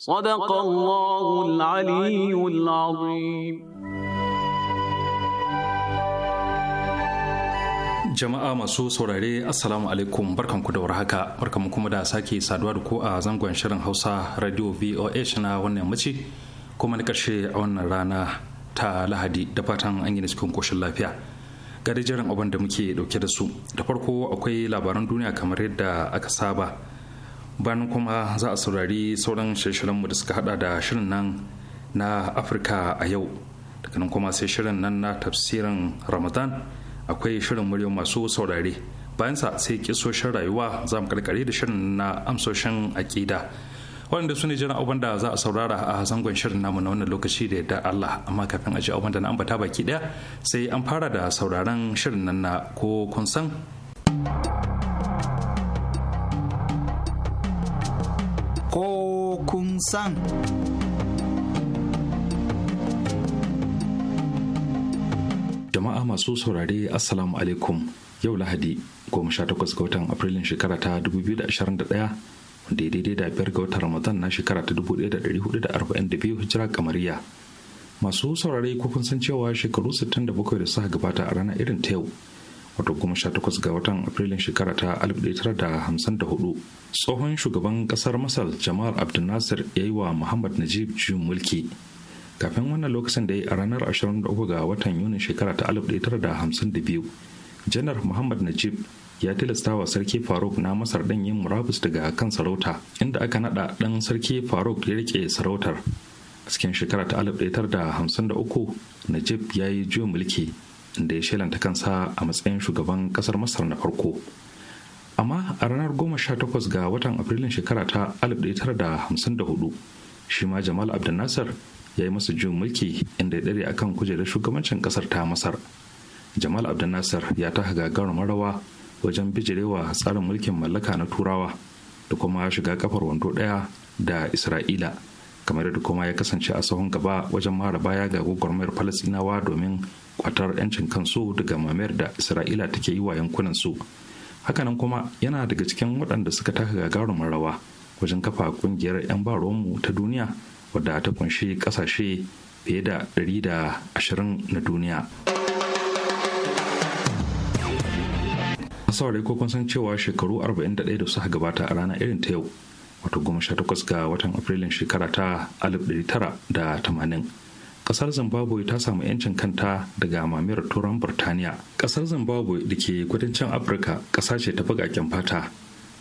صدق الله العلي العظيم jama'a masu saurare assalamu alaikum barkanku da warhaka barkanku kuma da sake saduwa da ku a zangon shirin hausa radio voh na wannan mace kuma na karshe a wannan rana ta lahadi da fatan an yi cikin koshin lafiya ga abin da muke dauke da su da farko akwai labaran duniya kamar yadda aka saba bayan kuma za a saurari sauran shirye-shiryenmu da suka hada da shirin nan na afirka a yau daga nan kuma sai shirin nan na tafsirin ramadan akwai shirin murya masu saurare bayansa sai kisoshin rayuwa za mu karkare da shirin na amsoshin aƙida waɗanda su ne jiran abin da za a saurara a zangon shirin namu na wannan lokaci da yadda Allah amma kafin a ji abin da na ambata baki ɗaya sai an fara da sauraron shirin nan na ko kun san san jama'a masu saurare assalamu alaikum yau lahadi 18 ga watan afrilun shekara ta 2021 da daidai da biyar ga watan ramadan na shekara ta 1442 hijira kamariya masu saurare ko san cewa shekaru 67 da suka gabata a ranar irin ta yau wato goma sha takwas ga watan afrilun shekara ta alif tara da hamsin da hudu tsohon shugaban kasar masar jamal abdulnasir ya yi wa muhammad najib juyin mulki kafin wannan lokacin da ya yi a ranar 23 ga watan Yuni shekara ta alif tara da hamsin da biyu janar muhammad najib ya tilasta wa sarki faruk na masar ɗan yin murabus daga kan sarauta inda aka naɗa ɗan sarki faruk ya rike sarautar a cikin shekara ta uku najib ya yi juyin mulki inda ya shelanta kansa a matsayin shugaban kasar masar na farko amma a ranar 18 ga watan afrilun shekara ta 1954 shi ma jamal abdul ya yi masa juyin mulki inda ya dare akan kujerar shugabancin kasar ta masar jamal abdul ya taka gagarumar rawa wajen bijirewa tsarin mulkin mallaka na turawa da kuma shiga kafar wando daya da isra'ila kamar da kuma ya kasance a sahun gaba wajen mara baya ga gwagwarmayar falasinawa domin kwatar 'yancin kansu daga mamayar da isra'ila take yi wa yankunan su hakanan kuma yana daga cikin waɗanda suka taka gagarumin rawa wajen kafa ƙungiyar 'yan mu ta duniya wadda ta kunshi ƙasashe fiye da ɗari 120 na duniya saurai ko kun san cewa shekaru 41 da suka gabata a ranar irin ta yau wato 18 ga watan afrilun shekara ta 1980 kasar zimbabwe ta samu 'yancin kanta daga mamayar turan burtaniya kasar zimbabwe da ke kudancin afirka kasa ce ta bakaken fata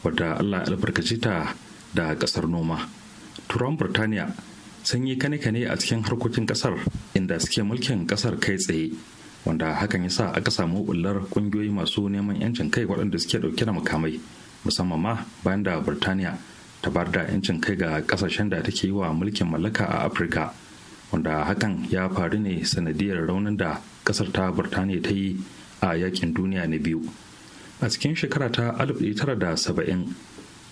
wadda allah albarkaci ta da kasar noma turan burtaniya sun yi kane-kane a cikin harkokin kasar inda suke mulkin kasar kai tsaye wanda hakan ya sa aka samu bullar kungiyoyi masu neman 'yancin kai waɗanda suke ɗauke da makamai musamman ma bayan da burtaniya ta bar da 'yancin kai ga kasashen da take yi wa mulkin mallaka a afirka wanda hakan ya faru ne sanadiyar raunin da kasar ta burtaniya ta yi a yakin duniya na biyu a cikin shekara ta 1970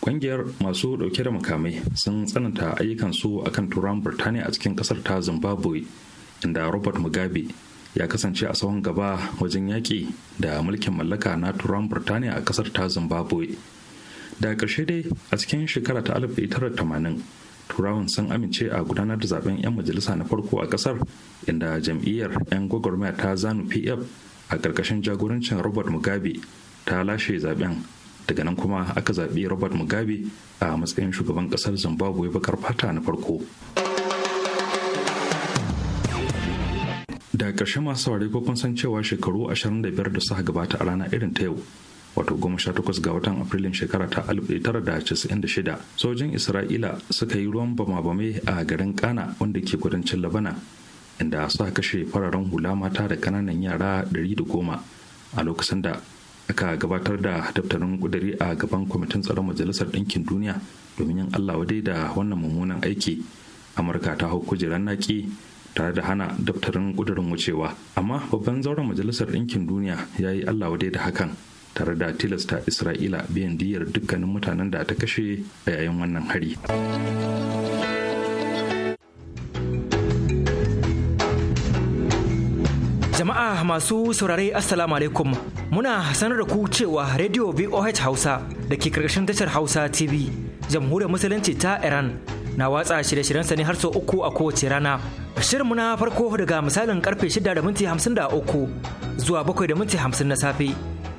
kungiyar masu dauke da makamai sun tsananta ayyukansu a kan turan burtaniya a cikin kasar ta zimbabwe inda robert mugabe ya kasance a tsawon gaba wajen yaƙi da mulkin mallaka na turan burtaniya a kasar ta zimbabwe da ƙarshe dai a cikin shekara ta 1980 turawan sun amince a gudanar da zaben 'yan majalisa na farko a kasar inda jam'iyyar 'yan gwagwarmaya ta zanu pf a ƙarƙashin jagorancin robert mugabe ta lashe zaben daga nan kuma aka zaɓi robert mugabe a matsayin shugaban ƙasar zimbabwe bakar fata na farko da ƙarshe masu saurari ko kun san cewa shekaru 25 da suka gabata a rana irin ta yau wato goma sha takwas ga watan afrilun shekara ta tara da da shida, sojin isra'ila suka yi ruwan bama-bame a garin kana wanda ke kudancin labana inda suka kashe fararen hula mata da kananan yara da goma a lokacin da aka gabatar da daftarin kudari a gaban kwamitin tsaron majalisar ɗinkin duniya domin yin allah wadai da wannan mummunan aiki amurka ta hau kujerar naki tare da hana daftarin kudurin wucewa amma babban zauren majalisar ɗinkin duniya ya yi allah wadai da hakan tare da tilasta isra'ila biyan diyar dukkanin mutanen da ta kashe a yayin wannan hari jama'a masu saurare assalamu alaikum muna sanar da ku cewa radio voh hausa da ke karkashin tashar hausa tv jamhuriyar musulunci ta iran na watsa shirye sa ne har sau uku a kowace rana. Shirinmu na farko daga misalin karfe 6 da minti 53 zuwa 7 da minti 50 na safe.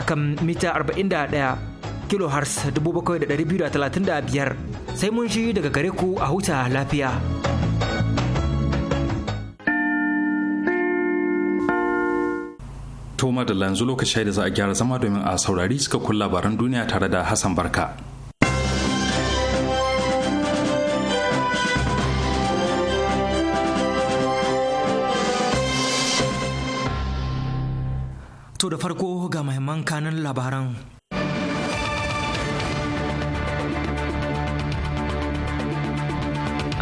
akan mita 41 kilohertz 7,235 sai mun shi daga gare ku a huta lafiya. Toma da lanzu lokaci da za a gyara zama domin a saurari suka kun labaran duniya tare da Hassan Barka. To da farko kaman kanin labaran.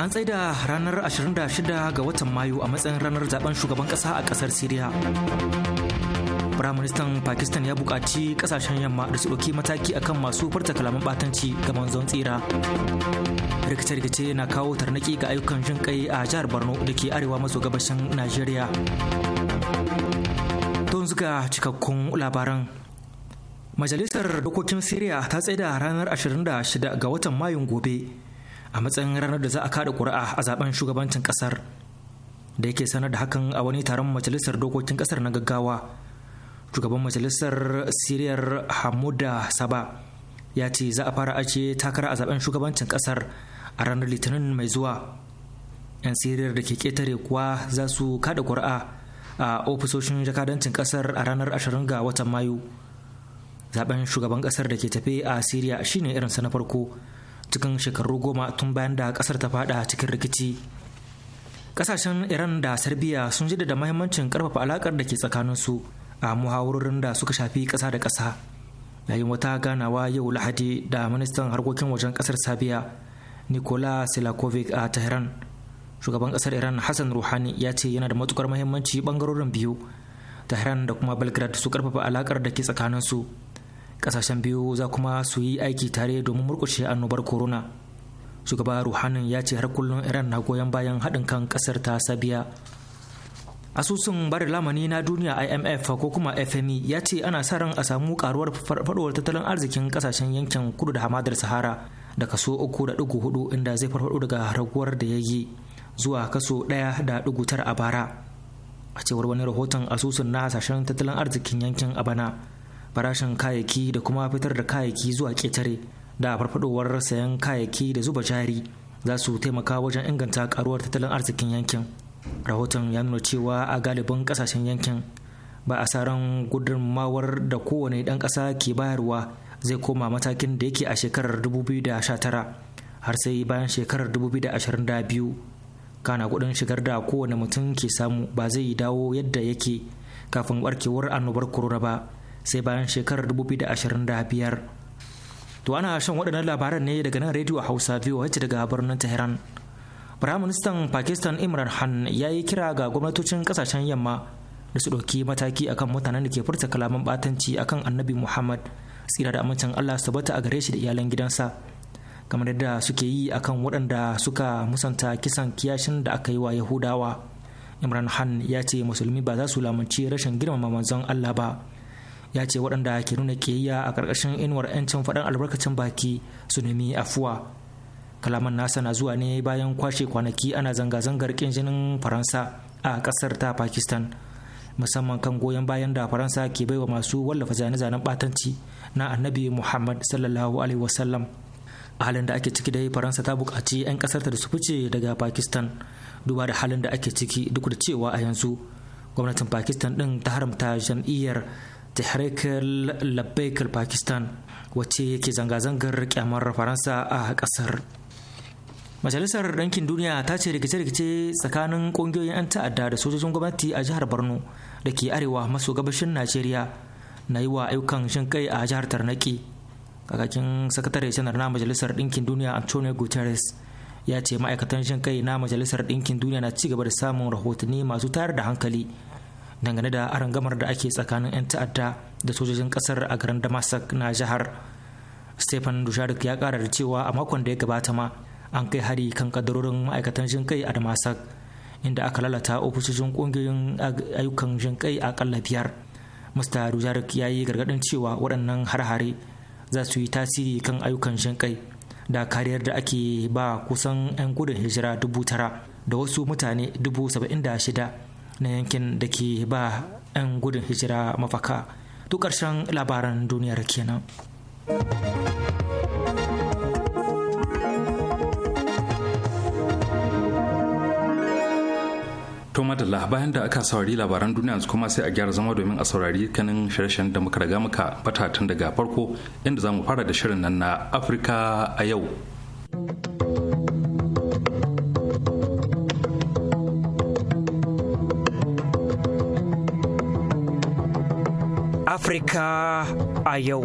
An da ranar 26 ga watan Mayu a matsayin ranar zaben shugaban ƙasa a ƙasar Siriya. Firaministan Pakistan ya buƙaci ƙasashen yamma da su ɗauki mataki akan masu furta kalaman ɓatanci ga manzon tsira. Rikice-rikice na kawo tarnaki ga ayyukan jin kai a jihar Borno da ke arewa maso gabashin Najeriya. yanzu ga cikakkun labaran majalisar dokokin siriya ta tsaida ranar 26 ga watan mayun gobe a matsayin ranar da za a kada kuri'a a zaben shugabancin kasar da yake sanar da hakan a wani taron majalisar dokokin kasar na gaggawa shugaban majalisar siriyar hamuda saba ya ce za a fara ajiye takara a zaben shugabancin ƙasar, a ranar litinin mai zuwa 'yan siriyar da ke ketare kuwa za su kada kuri'a a ofisoshin jakadancin kasar a ranar 20 ga watan mayu zaben shugaban kasar da ke tafe a syria shine irin irinsa na farko cikin shekaru goma tun bayan da kasar ta fada cikin rikici kasashen iran da Serbia sun ji da mahimmancin karfafa alakar da ke su a muhawarorin da suka shafi kasa da kasa yayin wata ganawa yau lahadi da ministan harkokin wajen kasar sabiya nikola silakovic a tehran shugaban kasar iran hassan ruhani ya ce yana da matukar mahimmanci bangarorin biyu tehran da kuma belgrade su karfafa alakar da ke tsakanin su. kasashen biyu za kuma su yi aiki tare domin murkushe annobar corona shugaba ruhanin ya ce har kullum iran na goyon bayan haɗin kan kasar ta sabiya asusun bada lamani na duniya imf ko kuma fme ya ce ana sa ran a samu karuwar farfadowar tattalin arzikin kasashen yankin kudu da hamadar sahara da kaso uku da hudu inda zai farfado daga raguwar da ya yi zuwa kaso ɗaya da ɗugutar a bara a cewar wani rahoton asusun na hasashen tattalin arzikin yankin a bana farashin kayayyaki da kuma fitar da kayayyaki zuwa ƙetare da farfadowar sayan kayayyaki da zuba jari za su taimaka wajen inganta karuwar tattalin arzikin yankin rahoton ya nuna cewa a galibin kasashen yankin ba a saran gudunmawar da kowane ɗan ƙasa ke bayarwa zai koma matakin da yake a shekarar 2019 har sai bayan shekarar 2022 kana kuɗin shigar da kowane mutum ke samu ba zai dawo yadda yake kafin barkewar annobar corona ba sai bayan shekarar 2025 to ana shan waɗannan labaran ne daga nan rediyo hausa voh daga birnin tehran firaministan pakistan imran khan ya yi kira ga gwamnatocin kasashen yamma da su ɗauki mataki akan mutanen da ke furta kalaman batanci akan annabi muhammad tsira da amincin allah su bata a gare shi da iyalan gidansa kamar yadda suke yi akan waɗanda suka musanta kisan kiyashin da aka yi wa yahudawa imran han ya ce musulmi ba za su lamunci rashin girmama manzon allah ba ya ce waɗanda ke nuna kiyayya a ƙarƙashin inuwar 'yancin faɗan albarkacin baki su nemi afuwa kalaman nasa na zuwa ne bayan kwashe kwanaki ana zanga-zangar ƙin jinin faransa a ƙasar ta pakistan musamman kan goyon bayan da faransa ke baiwa masu wallafa zane-zanen batanci na annabi muhammad sallallahu alaihi wasallam a halin da ake ciki dai faransa ta bukaci 'yan kasarta da su fice daga pakistan duba da halin da ake ciki duk da cewa a yanzu gwamnatin pakistan din ta haramta jam'iyyar tehrik labbaik pakistan wacce yake zanga-zangar kyamar faransa a kasar. majalisar ɗankin duniya ta ce rikice-rikice tsakanin ƙungiyoyin 'yan ta'adda da sojojin gwamnati a jihar borno da ke arewa maso gabashin najeriya na yi wa ayyukan shin kai a jihar tarnaki kakakin sakatare janar na majalisar ɗinkin duniya antonio guterres ya ce ma'aikatan shan kai na majalisar ɗinkin duniya na ci gaba da samun rahotanni masu tayar da hankali dangane da arangamar da ake tsakanin 'yan ta'adda da sojojin kasar a garin damasak na jihar stephen dusharik ya kara da cewa a makon da ya gabata ma an kai hari kan kadarorin ma'aikatan jin kai a damasak inda aka lalata ofisoshin kungiyoyin ayyukan jin kai akalla biyar mr dusharik ya yi gargadin cewa waɗannan har-hare za su yi tasiri kan ayyukan shinkai da kariyar da ake ba kusan 'yan gudun hijira dubu tara da wasu mutane dubu saba'in da shida na yankin da ke ba 'yan gudun hijira mafaka duk ƙarshen labaran duniyar kenan. to madalla bayan da aka saurari labaran duniya yanzu kuma sai a gyara zama domin a saurari kanin shirye-shiryen da muka riga muka fata tun daga farko inda za mu fara da shirin nan na afirka a yau Afirka a yau.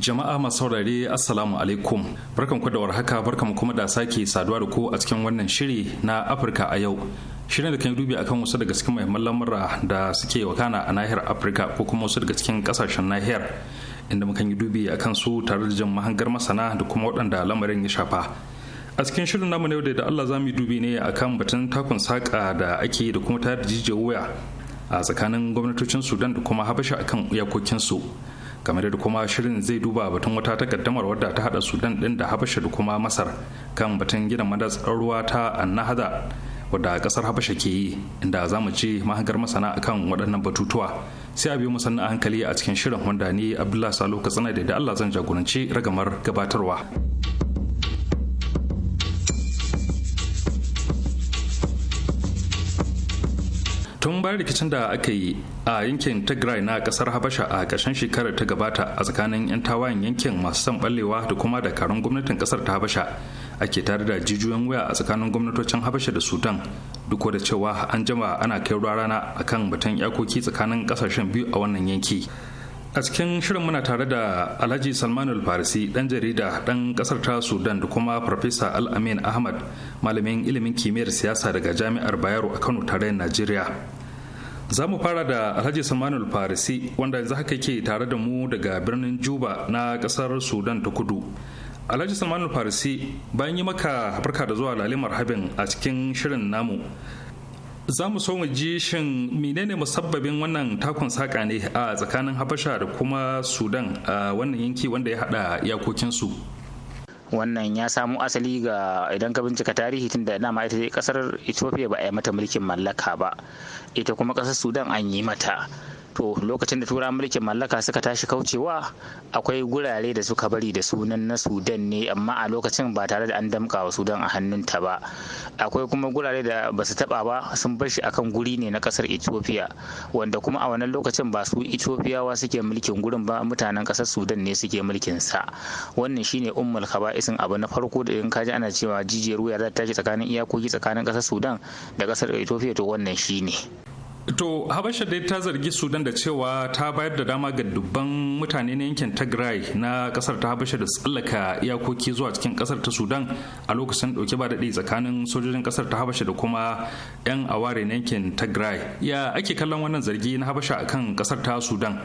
Jama'a masu saurare Assalamu alaikum. Barkan ku da warhaka, barkan kuma da sake saduwa da ku a cikin wannan shiri na Afirka a yau. Shirin da kan dubi akan wasu daga cikin muhimman lamura da suke wakana a nahiyar Afirka ko kuma wasu daga cikin kasashen nahiyar. Inda mukan yi dubi akan su tare da jin mahangar masana da kuma waɗanda lamarin ya shafa. a cikin shirin namu yau da Allah za mu dubi ne akan batun takun saƙa da ake da kuma tayar da jijiyar wuya a tsakanin gwamnatocin sudan da kuma habasha akan iyakokinsu kamar da kuma shirin zai duba batun wata takaddamar wadda ta hada sudan din da habasha da kuma masar kan batun gidan madatsar ruwa ta annahada wadda kasar habasha ke yi inda za mu ci mahangar masana kan waɗannan batutuwa sai a biyu mu sannan hankali a cikin shirin wanda ni abdullahi salo katsina da allah zan jagoranci ragamar gabatarwa. tun bayan rikicin da aka yi a yankin tigray na kasar habasha a ƙarshen shekarar ta gabata a tsakanin 'yan tawayen yankin masu son ballewa da kuma dakarun gwamnatin kasar ta habasha ake tare da jijiyoyin wuya a tsakanin gwamnatocin habasha da sudan duk da cewa an jama ana kai rana akan batun yakoki tsakanin kasashen biyu a wannan yanki a cikin shirin muna tare da alhaji salman farisi dan jarida dan kasar ta sudan da kuma farfesa al-amin ahmad malamin ilimin kimiyyar siyasa daga jami'ar bayero a kano tarayyar najeriya za mu fara da alhaji salman farisi wanda yanzu haka ke tare da mu daga birnin juba na kasar sudan ta kudu alhaji salman farisi bayan yi maka da zuwa lalimar habin a cikin shirin namu za mu so mu ji shin menene musabbabin wannan takon saka ne a tsakanin habasha da kuma sudan a wannan yanki wanda ya hada su wannan ya samo asali ga idan ka bincika tarihi tun da dama ita kasar ethiopia ba a yi mata mulkin mallaka ba ita kuma kasar sudan an yi mata to lokacin da turawan mulkin mallaka suka tashi kaucewa akwai gurare da suka bari da sunan na sudan ne amma a lokacin ba tare da an damka wa sudan a hannunta ba akwai kuma gurare da ba su taba ba sun bar shi akan guri ne na kasar ethiopia wanda kuma a wannan lokacin ba su ethiopiawa suke mulkin gurin ba mutanen kasar sudan ne suke mulkin sa wannan shine ummul khaba'isin abu na farko da in kaji ana cewa jijiyar wuya za ta tashi tsakanin iyakoki tsakanin kasar sudan da kasar ethiopia to wannan shine To Habasha dai ta zargi Sudan da cewa ta bayar da dama ga dubban mutane na yankin Tigray na kasar ta Habasha da tsallaka iyakoki zuwa cikin kasar ta Sudan a lokacin dauke ba daɗi tsakanin sojojin kasar ta Habasha da kuma 'yan aware na yankin Tigray. Ya ake kallon wannan zargi na Habasha akan kasar ta Sudan?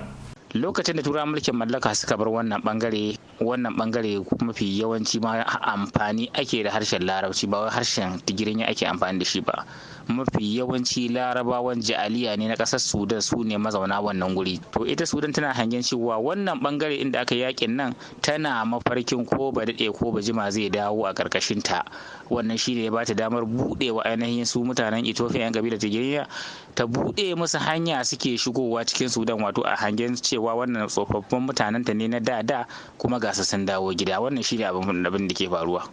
lokacin da turawa mulkin mallaka suka bar wannan bangare wannan bangare mafi yawanci ma amfani ake da harshen larabci ba wai harshen tigirin ake amfani da shi ba mafi yawanci larabawan ja'aliya ne na ƙasar sudan su ne mazauna wannan guri to ita sudan tana hangen cewa wannan bangare inda aka yakin nan tana mafarkin ko ba daɗe ko ba jima zai dawo a ƙarƙashin ta. wannan shi ne ya bata damar buɗewa ainihin su mutanen ethiopia yan kabilar tigiriya ta buɗe musu hanya suke shigowa cikin sudan wato a hangen cewa wannan tsofaffin mutanen ta ne na da da kuma ga su sun dawo gida wannan shi ne abin da ke faruwa.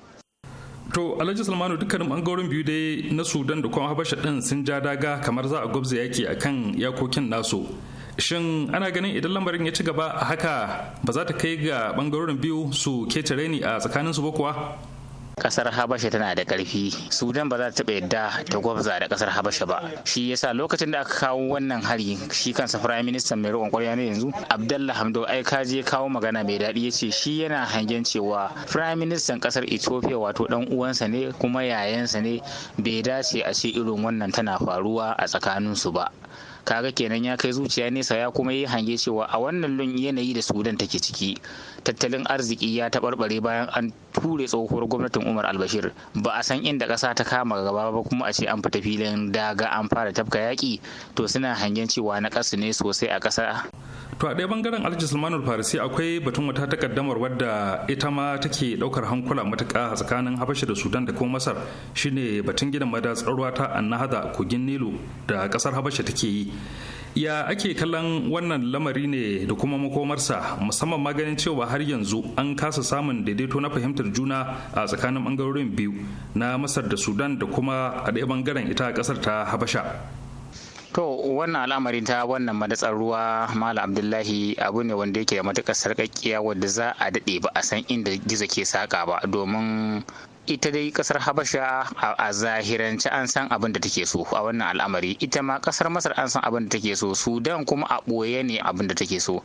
to alhaji salmanu dukkanin bangaren biyu dai na sudan da kuma habasha din sun ja daga kamar za a gwabza yaki akan yakokin nasu shin ana ganin idan lamarin ya ci gaba a haka ba za ta kai ga bangarorin biyu su ketare ni a tsakanin su ba kuwa kasar habasha tana da karfi sudan ba za ta taɓa yadda ta gwabza da kasar habasha ba shi yasa lokacin da aka kawo wannan hari shi kansa firayim ministan mai roƙon ƙwarya ne yanzu abdallah hamdo ai ka je kawo magana mai daɗi ya ce shi yana hangen cewa firayim ministan kasar ethiopia wato dan uwansa ne kuma yayansa ne bai dace a ce irin wannan tana faruwa a tsakaninsu ba kaga kenan ya kai zuciya nesa ya kuma yi hange cewa a wannan lun yanayi da sudan take ciki tattalin arziki ya taɓarɓare bayan an ture tsohuwar gwamnatin umar albashir ba a san inda ƙasa ta kama gaba ba kuma a ce an fita filin daga an fara tafka yaƙi to suna hangen cewa na ƙasa ne sosai a ƙasa to a ɗaya bangaren alhaji sulmanul farisi akwai batun wata takaddamar wadda ita ma take ɗaukar hankula matuƙa tsakanin habasha da sudan da kuma masar shine batun gidan madatsar ruwa ta annahada kogin nilu da ƙasar habasha take yi ya ake kallon wannan lamari ne da kuma makomarsa musamman maganin cewa har yanzu an kasa samun daidaito na fahimtar juna a tsakanin bangarorin biyu na masar da sudan da kuma a ɗaya bangaren ita ƙasar ta habasha To wannan al'amari ta wannan madatsar ruwa Malam Abdullahi abu ne wanda yake da matuƙar sarƙaƙiya wadda za a daɗe ba a san inda gizo ke saƙa ba domin ita dai kasar habasha a zahirance an san abin da take so a wannan al'amari ita ma kasar masar an san abin da take so sudan kuma a ɓoye ne abin da take so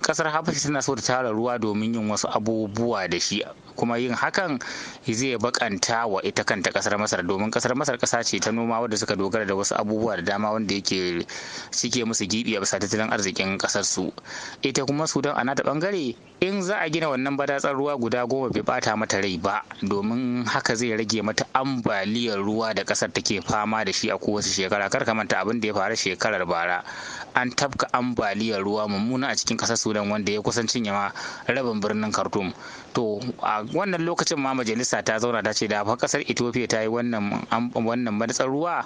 kasar habasha tana so ta tara ruwa domin yin wasu abubuwa da shi kuma yin hakan zai bakanta wa ita kanta kasar masar domin kasar masar kasa ce ta noma wadda suka dogara da wasu abubuwa da dama wanda yake suke musu gibi a bisa tattalin arzikin kasar su ita kuma sudan a nata bangare in za a gina wannan badatsar ruwa guda goma bai bata mata rai ba domin haka zai rage mata ambaliyar ruwa da kasar take fama da shi a kowace shekara kar ka manta abin da ya faru shekarar bara an tafka ambaliyar ruwa mummuna a cikin ƙasar sudan wanda ya kusan cinye ma rabin birnin khartoum to a wannan lokacin ma majalisa ta zauna ta ce da fa kasar ethiopia ta yi wannan wannan madatsar ruwa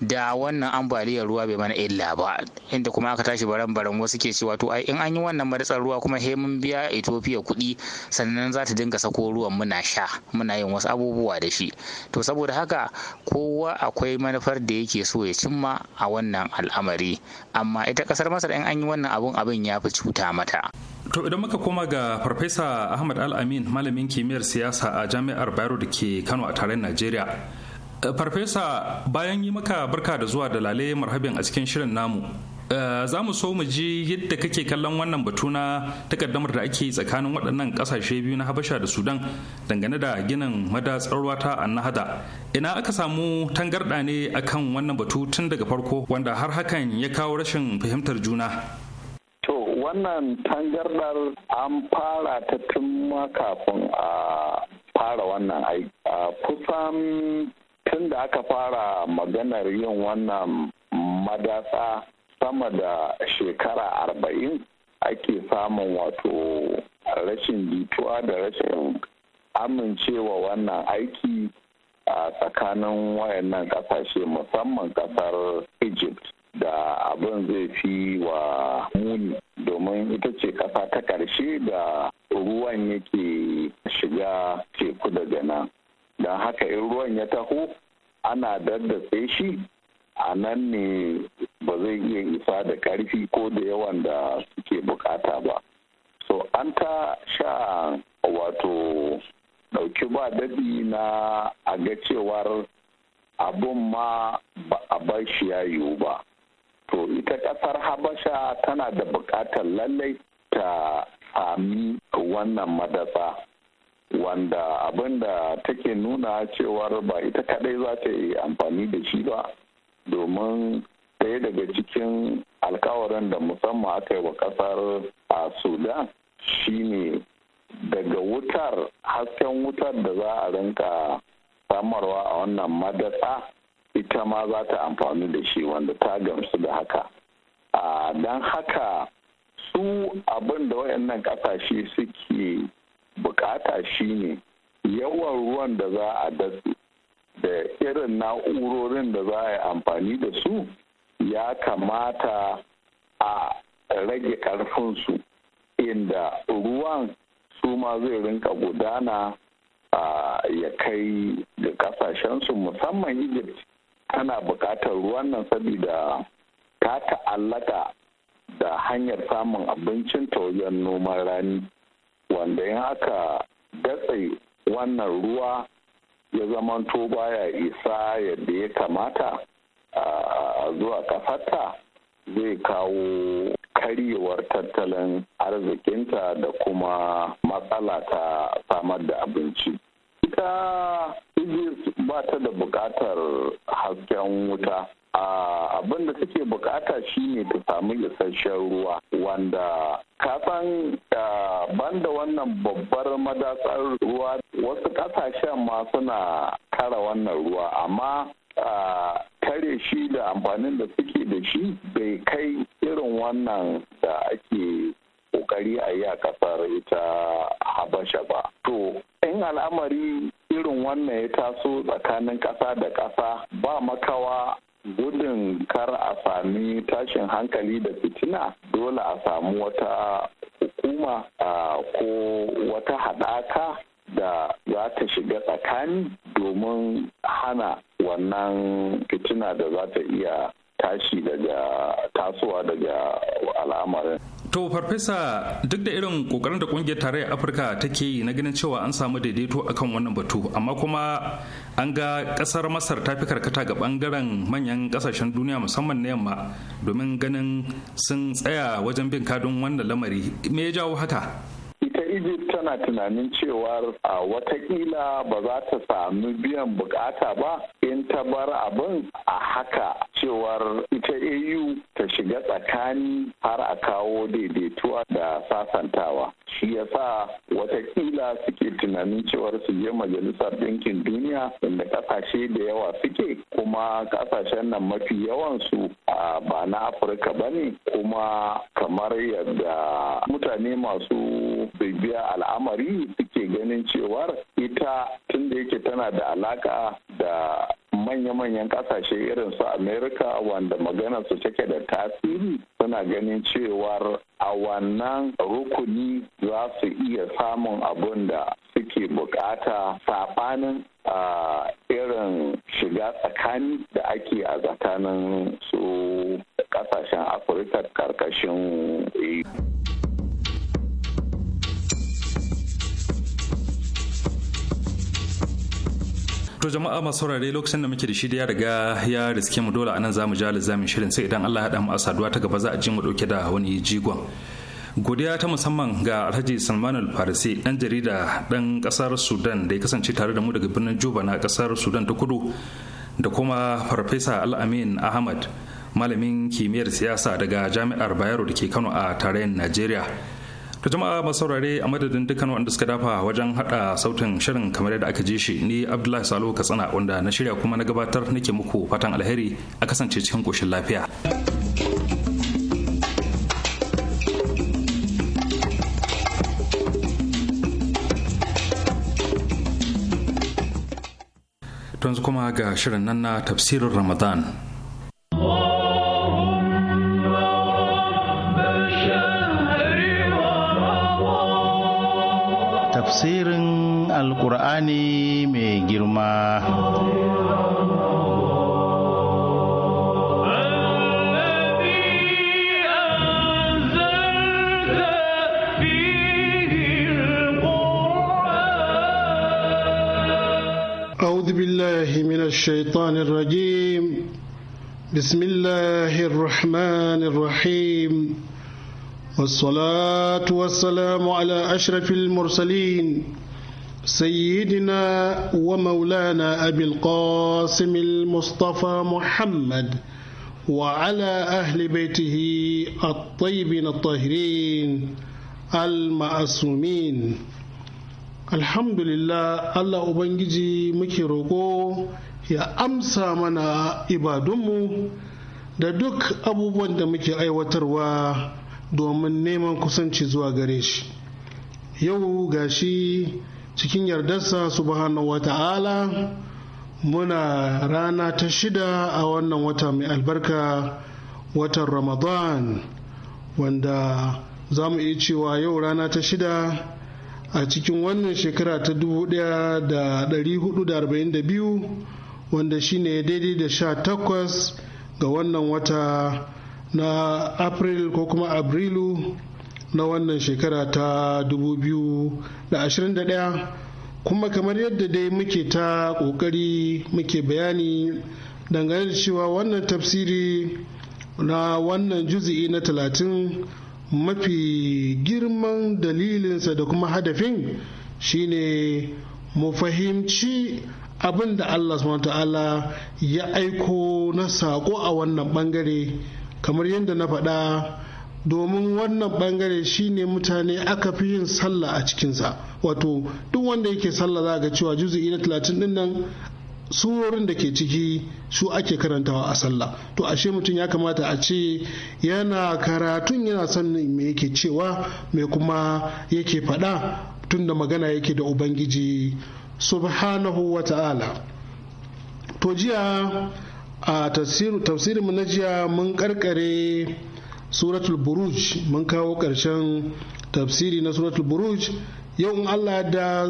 da wannan ambaliyar ruwa bai mana illa ba inda kuma aka tashi baran baran wasu ke cewa to ai in an yi wannan madatsar ruwa kuma he mun biya ethiopia kuɗi sannan za ta dinga sako ruwan muna sha muna yin wasu abubuwa da shi to saboda haka kowa akwai manufar da yake so ya cimma a wannan al'amari amma ita kasar masar in an yi wannan abun abin ya fi cuta mata to idan muka koma ga farfesa ahmad al-amin malamin kimiyyar siyasa a jami'ar bayero da ke kano a tarayyar najeriya eh, farfesa bayan yi maka barka da zuwa da lale marhabin a cikin shirin namu eh, za mu so mu ji yadda kake kallon wannan batu na takaddamar da ake tsakanin waɗannan ƙasashe biyu na habasha da sudan dangane da ginin madatsar a ta annahada ina aka samu tangarɗa ne akan wannan batu tun daga farko wanda har hakan ya kawo rashin fahimtar juna wannan tangarɗar an fara ta tun kafin a fara wannan aiki kusan tun da aka fara maganar yin wannan madasa sama da shekara arba'in ake samun wato rashin jituwa da rashin amincewa wannan aiki a tsakanin wayannan kasashe musamman kasar egypt da abin zai fi wa muni domin ita ce ƙasa ta ƙarshe da ruwan yake shiga teku daga nan don haka in ruwan ya taho ana daddatse shi a nan ne ba zai iya isa da karfi ko da yawan da suke bukata ba so an ta sha wato ɗauki ba daɗi na a ga cewar abun ma ba a bar shi ya yiwu ba to ita ƙasar habasha tana da buƙatar lallai ta sami wannan madatsa wanda abin da take nuna cewar ba ita kadai za ta yi amfani da shi ba domin ɗaya daga cikin alkawarin da musamman aka yi wa ƙasar a sudan shine daga wutar hasken wutar da za a rinka samarwa a wannan madasa ita ma za ta amfani da shi wanda ta gamsu da haka a don haka su abin da wayannan kasashe suke bukata shine yawan ruwan da za a datse da irin na'urorin da za a yi amfani da su ya kamata a rage ƙarfinsu inda ruwan su ma zai rinka gudana ya kai ga kasashensu musamman egypt ana buƙatar ruwan nan saboda ta ta'allaka da hanyar samun abincin ta wajen noman rani wanda yin aka datse wannan ruwa ya zamanto baya isa yadda ya kamata a zuwa kafarta zai kawo karyewar tattalin arzikinta da kuma matsala ta samar da abinci ita egypt ba ta da bukatar hasken wuta abin da suke bukata shine ta samu isasshen ruwa wanda kasan banda wannan babbar madatsar ruwa wasu kasashen ma suna kara wannan ruwa amma kare shi da amfanin da suke da shi bai kai irin wannan da ake kokari a yi a kasar ita habasha ba to in al'amari irin wannan ya taso tsakanin ƙasa da ƙasa ba makawa gudun kar a sami tashin hankali da fitina dole a samu wata hukuma ko wata haɗaka da za ta shiga tsakani domin hana wannan fitina da za ta iya tashi daga tasowa daga al'amarin. To farfesa duk da irin kokarin da kungiyar tarayyar Afirka take yi na ganin cewa an samu daidaito akan wannan batu amma kuma an ga kasar Masar ta fi karkata ga bangaren manyan kasashen duniya musamman na yamma domin ganin sun tsaya wajen bin kadin wannan lamari me ya jawo haka? ita egypt tana tunanin cewar a watakila ba za ta sami biyan bukata ba in ta bar abin a haka cewar ita au ta shiga tsakani har a kawo daidaituwa da sasantawa shi ya sa watakila suke tunanin cewar su je majalisar ɗinkin duniya inda ƙasashe da yawa suke kuma ƙasashen nan mafi yawansu ba na afirka ba ne kuma kamar yadda mutane masu bibiya al'amari suke ganin cewar ita tunda yake tana da alaka da manya-manyan kasashe irin su amerika wanda magana su take da tasiri suna ganin cewar a wannan rukuni za su iya samun abun da suke bukata saɓanin a irin shiga tsakani da ake a tsakanin su kasashen afirka karkashin e to jama'a masu saurare lokacin da muke da shi da ya riga ya riske mu dole a anan zamu ja lizamin shirin sai idan Allah ya haɗa mu a saduwa ta gaba za a ji mu dauke da wani jigon godiya ta musamman ga alhaji salman al-farisi dan jarida dan kasar sudan da ya kasance tare da mu daga birnin juba na kasar sudan ta kudu da kuma farfesa al-amin ahmad malamin kimiyyar siyasa daga jami'ar bayero da ke kano a tarayyar najeriya Ka jama'a masu saurare a madadin dukkan wanda suka dafa wajen haɗa sautin shirin kamar yadda aka ji shi ni abdullahi salo katsina wanda na shirya kuma na gabatar nake muku fatan alheri a kasance cikin koshin lafiya yanzu kuma ga shirin nan na tafsirin ramadan tafsirin alkur'ani mai girma أعوذ بالله من الشيطان الرجيم بسم الله الرحمن الرحيم والصلاة والسلام على أشرف المرسلين سيدنا ومولانا أبي القاسم المصطفى محمد وعلى أهل بيته الطيبين الطاهرين المعصومين الحمد لله الله أبنجي مكيروكو ya amsa mana ibadunmu da duk abubuwan da muke aiwatarwa domin neman kusanci zuwa gare shi yau gashi cikin yardarsa subhanahu wata'ala muna rana ta shida a wannan wata mai albarka watan ramadan wanda za mu iya cewa yau rana ta shida a cikin wannan shekara ta 1442 wanda shine daidai da sha takwas ga wannan wata na april ko kuma abrilu na wannan shekara ta 2021 kuma kamar yadda dai muke ta kokari muke bayani dangane da cewa wannan tafsiri na wannan juzi'i na talatin mafi girman dalilinsa da kuma hadafin shine mu fahimci abin da allah ta'ala ya aiko na saƙo a wannan ɓangare kamar yadda na faɗa domin wannan bangare shine mutane aka fi yin sallah a cikinsa wato duk wanda yake sallah za ga cewa juzu'i na talatin din nan surorin da ke ciki su ake karantawa a sallah to ashe mutum ya kamata a ce yana karatun yana sannin me yake cewa me kuma yake faɗa tunda magana yake da ubangiji subhanahu wa ta'ala to jiya a tafsirin na jiya mun karkare suratul buruj mun kawo ƙarshen tafsiri na suratul buruj yau in allah da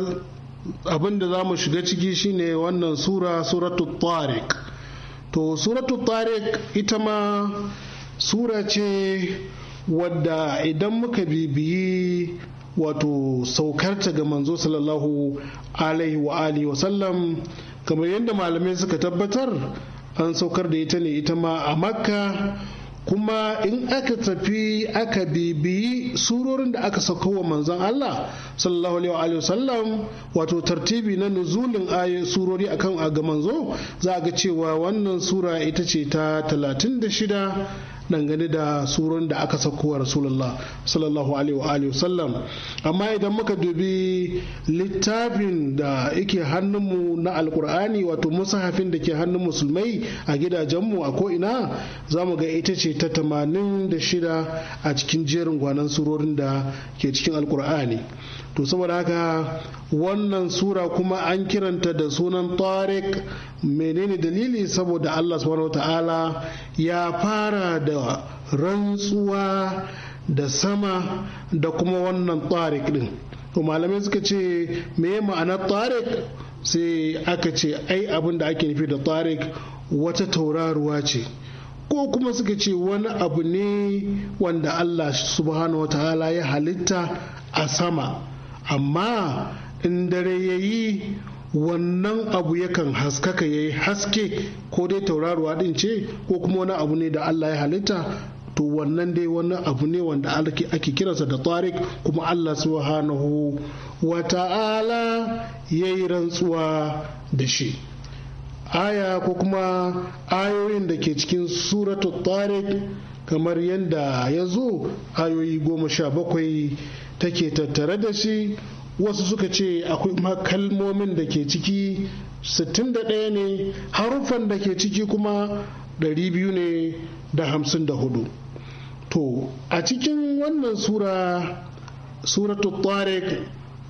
abin da za mu shiga ciki shine wannan sura suratul tariq to suratul tariq ita ma sura ce wadda idan muka bibiyi wato saukarta ga manzo sallallahu alaihi wa alihi wasallam kamar yadda malamai suka tabbatar an saukar da ita ne ita ma a makka kuma in aka tafi aka bibiyi surorin da aka sauka wa manzon Allah sallallahu alaihi wa sallam wato tartibi na nuzulin ayoyi surori akan ga manzo za a ga cewa wannan sura ita ce ta 36 dangane da surun da aka sako wa rasulullah sallallahu alaihi sallam amma idan muka dubi littafin da yake hannunmu na alkur'ani wato musahafin da ke hannun musulmai a gidajen mu a ko'ina za mu ga ita ce ta tamanin da shida a cikin jerin gwanan surorin da ke cikin alkur'ani to saboda haka wannan sura kuma an kiranta da sunan tariq menene dalili saboda allah subhanahu ta'ala ya fara da rantsuwa da sama da kuma wannan tariq din to malamai suka ce me ma'anar tariq sai aka ce ai abin da ake nufi da tariq wata tauraruwa ce ko kuma suka ce wani abu ne wanda allah subhanahu wa ta'ala ya halitta a sama amma in dare ya yi wannan abu yakan haskaka ya yi haske ko dai tauraruwa din ce ko kuma wani abu ne da Allah ya halitta to wannan dai wani abu ne wanda ake kiransa da tsarik kuma Allah subhanahu wa ta'ala ya yi rantsuwa da shi aya ko kuma ayoyin da ke cikin suratu tsarik kamar yadda ya zo ayoyi goma sha bakwai take tattare da shi wasu suka ce akwai kalmomin da ke ciki 61 ne haruffan da ke ciki kuma 200 ne da 54 to a cikin wannan sura suratu tariq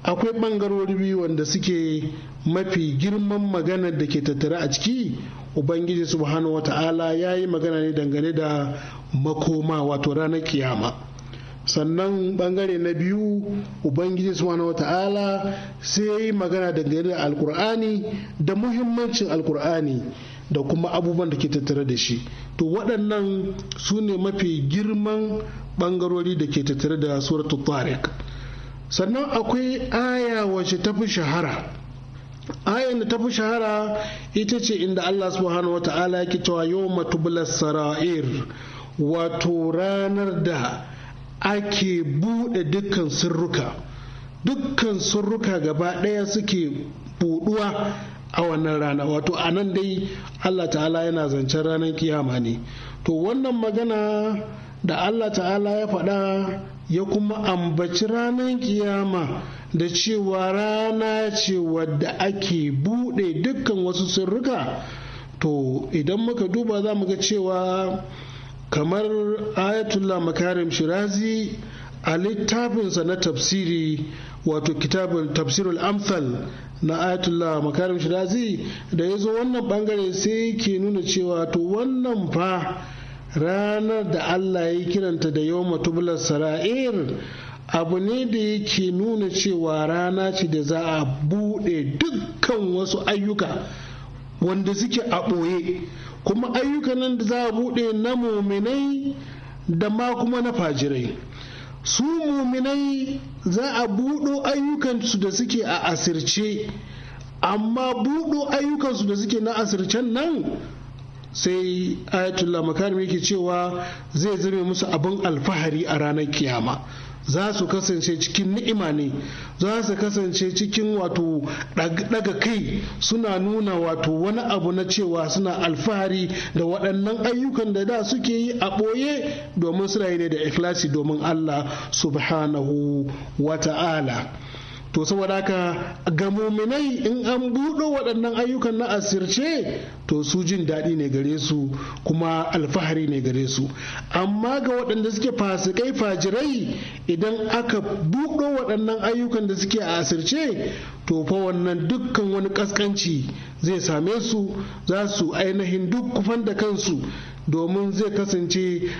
akwai ɓangarori biyu wanda suke mafi girman magana da ke tattare a ciki ubangiji subhanahu wata'ala ya yi magana ne dangane da makoma wato ranar kiyama sannan bangare na biyu ubangiji subhanahu wata'ala sai ya yi magana dangane da alkur'ani da muhimmancin alkur'ani da kuma abubuwan da ke tattare da shi to waɗannan su ne mafi girman ɓangarori da ke tattare da suratul tariq sannan akwai aya wacce ta fi shahara ayan da ta fi shahara ita ce inda allah subhanahu wata'ala ke cewa yau matubular sara'ir wato ranar da ake buɗe dukkan sirruka dukkan sirruka gaba ɗaya suke buɗuwa a wannan rana wato a nan dai allah ta'ala yana zancen ranar kiyama ne to wannan magana da allah ta'ala ya faɗa ya kuma ambaci ranar kiyama da cewa rana ce wadda ake buɗe dukkan wasu sirruka to idan muka duba za mu ga cewa kamar ayatullah makarim shirazi a littafinsa na tafsiri wato kitabun tafsirul amsal na ayatullah makarim shirazi da ya zo wannan bangare sai ke nuna cewa to wannan fa ranar da allah ya kiranta da yau matubular sara'ir abu ne da yake nuna cewa rana ce da za a buɗe dukkan wasu ayyuka wanda suke a ɓoye kuma ayyukan nan da za a buɗe na muminai da ma kuma na fajirai su muminai za a buɗo ayyukansu da suke a asirce amma buɗo ayyukansu da suke na asircen nan sai ayatullah makarimi yake cewa zai zame musu abin alfahari a ranar kiyama za su kasance cikin ni'ima ne za su kasance cikin wato daga kai suna nuna wato wani abu na cewa suna alfahari da waɗannan ayyukan da da suke yi a ɓoye domin suna yi ne da ikhlasi domin Allah subhanahu wa ta'ala to saboda haka ga muminai in an buɗo waɗannan ayyukan na asirce to su jin daɗi ne gare su kuma alfahari ne gare su amma ga waɗanda suke fasikai fajirai idan aka buɗo waɗannan ayyukan da suke a asirce to fa wannan dukkan wani ƙasƙanci zai same su za su ainihin duk kufan da kansu domin zai kasance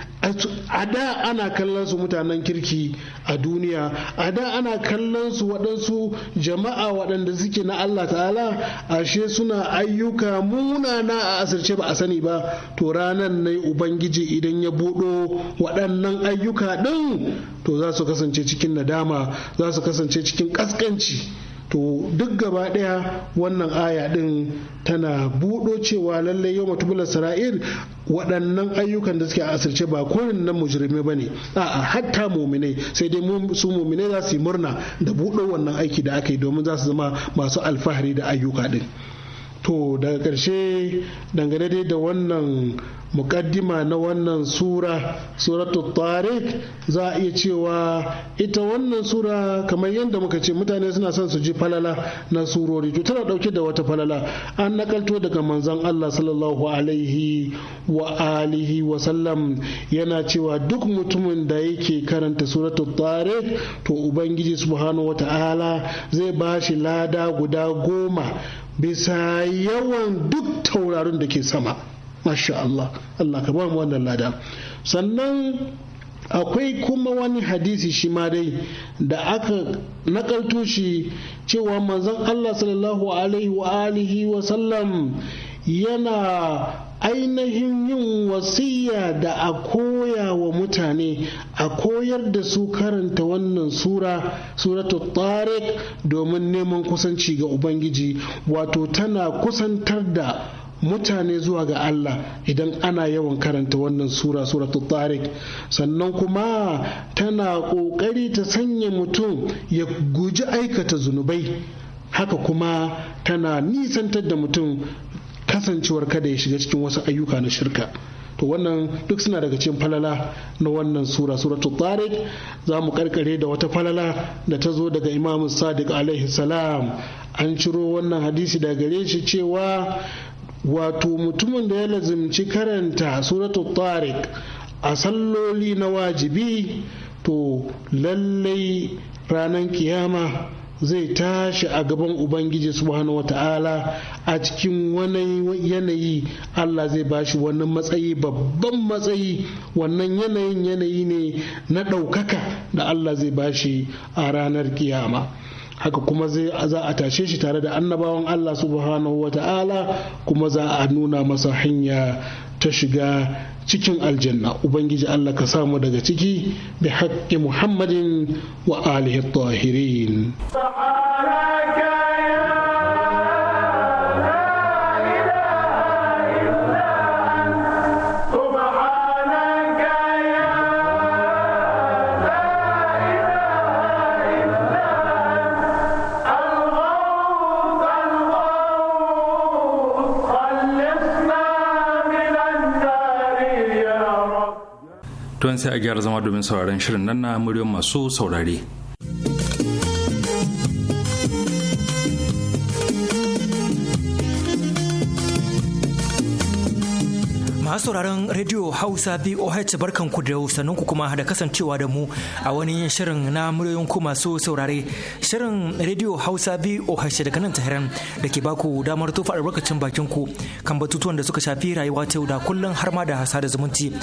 a da ana kallon su mutanen kirki a duniya a da ana kallon su waɗansu jama'a waɗanda suke na Allah ta'ala ashe suna ayyuka munana a asirce ba a sani ba to ranar ne ubangiji idan ya buɗo waɗannan ayyuka ɗin to za su kasance cikin nadama za su kasance cikin ƙasƙanci to duk gaba daya wannan aya din tana buɗo cewa lallai yau matubula sara'ir waɗannan ayyukan da suke a asirce ba kowane nan mujrime ba ne a'a hatta muminai sai dai su muminai za su yi murna da buɗo wannan aiki da aka yi domin za su zama masu alfahari da ayyuka din to daga ƙarshe dangane dai da wannan mukaddima na wannan sura suratu tariq za a iya cewa ita wannan sura kamar yadda muka ce mutane suna son su ji falala na surori to tana dauke da wata falala an nakalto daga manzon Allah sallallahu alaihi wa alihi wa sallam yana cewa duk mutumin da yake karanta suratu tariq to ubangiji subhanahu wata'ala zai bashi lada guda goma bisa yawan duk taurarin da ke sama masha Allah Allah ka ba mu wannan lada sannan akwai kuma wani hadisi shi ma dai da aka nakalto shi cewa manzon Allah sallallahu alaihi wa alihi wa sallam yana ainihin yin wasiya da a koya wa mutane a koyar da su karanta wannan sura suratul tariq domin neman kusanci ga ubangiji wato tana kusantar da mutane zuwa ga Allah idan ana yawan karanta wannan sura suratul tariq sannan kuma tana ƙoƙari ta sanya mutum ya guji aikata zunubai haka kuma tana nisantar da mutum kasancewar kada ya shiga cikin wasu ayyuka na shirka to wannan duk suna daga cikin falala na wannan sura suratul tariq za mu karkare da wata falala da ta zo daga imam sadiq alaihi salam an ciro wannan hadisi da gare shi cewa wato mutumin da ya lazimci karanta suratul tariq a salloli na wajibi to lallai ranar kiyama zai tashi a gaban ubangiji subhanahu ta'ala a cikin wani yanayi allah zai bashi wani matsayi babban matsayi wannan yanayin yanayi ne na ɗaukaka da allah zai bashi a ranar kiyama haka kuma za a tashe shi tare da annabawan allah subhanahu ta'ala kuma za a nuna masa hanya ta shiga cikin aljanna ubangiji Allah ka samu daga ciki bi haƙƙi muhammadin wa alihi tahirin don sai a gyara zama domin sauraron shirin nan na muryar masu saurare. Masu sauraron Radio Hausa BOH barkanku da ku kuma da kasancewa da mu a wani shirin na muryoyin ku masu saurare. Shirin Radio Hausa BOH daga nan Tahiran da ke baku damar tofa albarkacin bakin ku kan batutuwan da suka shafi rayuwa ta da kullum har ma da hasa da zumunci.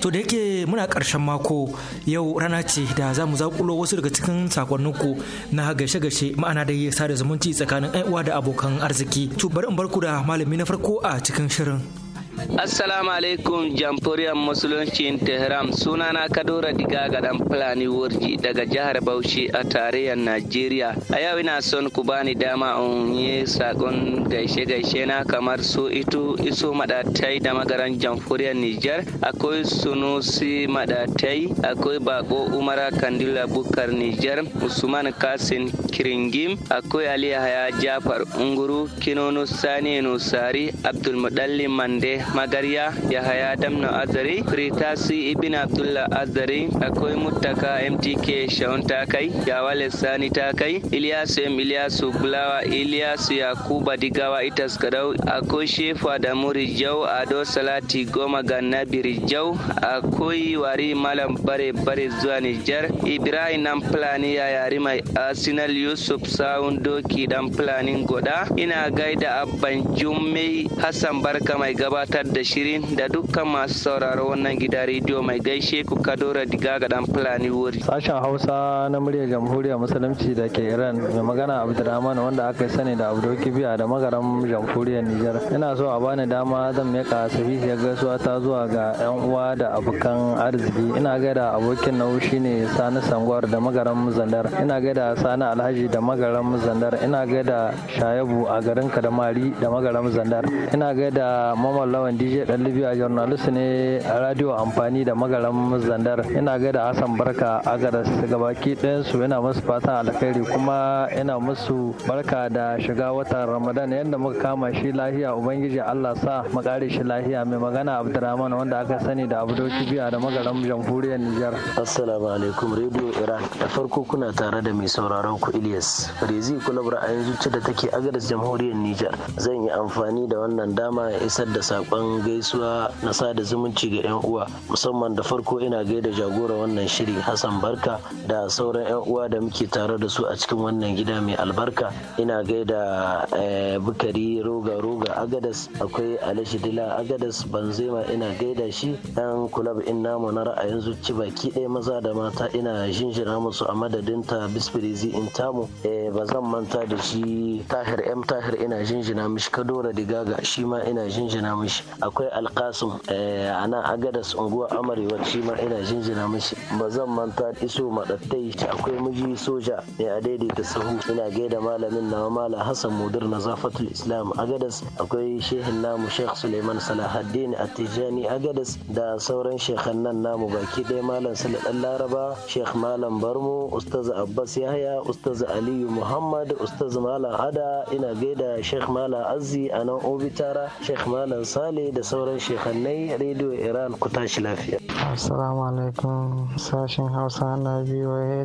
To da yake muna karshen mako yau rana ce da za mu zakulo wasu daga cikin sakonnin ku na gaishe-gaishe ma'ana da sada zumunci tsakanin uwa da abokan arziki. To bari in barku da malami na farko a cikin shirin. Assalamu alaikum jamhuriyar musuluncin Tehran sunana Kadora Diga ga dan Fulani Warji daga jihar Bauchi a tarayyar Najeriya. A yau ina son ku bani dama in yi sakon gaishe gaishe na kamar su itu iso madatai da magaran jamhuriyar Nijar akwai sunusi madatai akwai bako Umar, Kandila Bukar Niger, Usman Kasin kiringim akwai ali yahaya jafar unguru kinono sani nusari abdulmudalli mande magarya yahaya damna azari firitasi ibn abdullah azari akwai mutaka mtk shaun takai yawale sani takai ilyasu m ilyasu bulawa ilyasu yakuba digawa itas kadau akwai shefa da murijau ado salati goma ga nabiri jau akwai wari malam bare bare zuwa nijar ibrahim nan fulani ya yari mai arsenal yusuf sawun doki dan planning goda ina gaida abban jummai hassan barka mai gabatar da shirin da dukkan masu sauraro wannan gida rediyo mai gaishe ku kadora diga ga dan fulani wuri sashen hausa na muryar jamhuriyar musulunci da ke iran mai magana abdulrahman wanda aka sani da doki biya da magaram jamhuriyar nijar ina so a bani dama zan mika sahihiyar gaisuwa ta zuwa ga yan uwa da abokan arziki ina gaida abokin nau shine sani sangwar da magaram zandar ina gaida sani alhaji alhaji da magaram zandar ina gaida shayabu a garin kadamari da magaram zandar ina gaida mamman lawan dj dan libya journalist ne a radio amfani da magaram zandar ina gaida hassan barka a garas gabaki ɗayansu ina musu fatan alkhairi kuma ina musu barka da shiga watan ramadan yadda muka kama shi lahiya ubangiji allah sa mu kare shi lahiya mai magana abdurrahman wanda aka sani da abu abdoki biya da magaram jamhuriyar nijar assalamu alaikum radio iran da farko kuna tare da mai sauraron ku Ilyas Rezi Kulabar a yanzu da take agadas jamhuriyar Nijar. Zan yi amfani da wannan dama ya isar da sakon gaisuwa na sada zumunci ga 'yan uwa musamman da farko ina gaida jagora wannan shiri Hassan Barka da sauran 'yan uwa da muke tare da su a cikin wannan gida mai albarka ina gaida eh, Bukari Roga Roga Agadas akwai alashi Dila Agadas Banzema ina gaida shi dan kulab in namu na ra'ayin zuci baki ɗaya maza da mata ina jinjira musu a madadin ta bisfirizi in ta namu eh, ba zan manta da shi tahir m tahir ina jinjina mishi kadora digaga shi ma ina jinjina mishi akwai alkasum eh, a nan agadas unguwa amarewa. shi ma ina jinjina mishi ba zan manta iso maɗattai. akwai miji soja ne a daidaita sahu ina gaida malamin na malam hassan mudir na zafatul islam agadas akwai shehin namu Shekh suleiman salahaddin attijani agadas da sauran shekhan nan namu baki ɗaya malam sulaɗan laraba sheikh malam Barmu, ustaz abbas Yahaya, ustaz ustaz aliyu muhammad ustaz malam hada ina gaida sheikh malam azzi a nan obitara sheikh malam sale da sauran shekhanai rediyo iran ku tashi lafiya assalamu alaikum sashen hausa na voh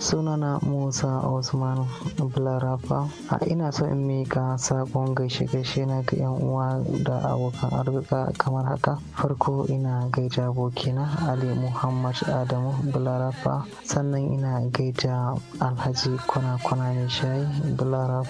sunana musa Osman bularafa a ina so in mika sakon gaishe gaishe na ga yan uwa da abokan arzika kamar haka farko ina gaida abokina ali muhammad adamu bularafa sannan ina gaida alhaji kwana-kwana ya shayi bula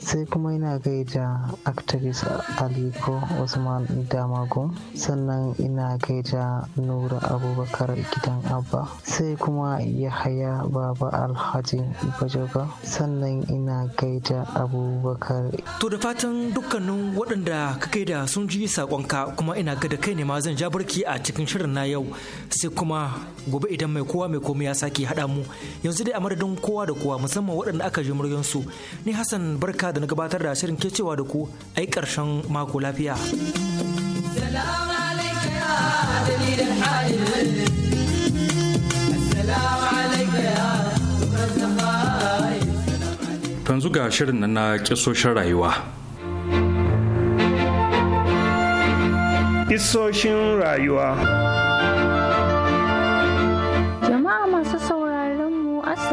sai kuma ina gaida actress aliko usman damago sannan ina gaida nura abubakar gidan abba sai kuma yahaya baba alhaji bajoga sannan ina gaida abubakar to da fatan dukkanin waɗanda ka gaida sun ji saƙonka kuma ina gada kai ne ma zan ja barki a cikin shirin na yau sai kuma gobe idan mai kowa mai komai ya sake haɗa mu yanzu dai a madadin kowa da kowa musamman waɗanda aka ji su ni Hassan barka da na gabatar da shirin ke cewa da ku yi ƙarshen mako lafiya. Salam yanzu ga shirin nan na kisoshin rayuwa. Kisoshin rayuwa.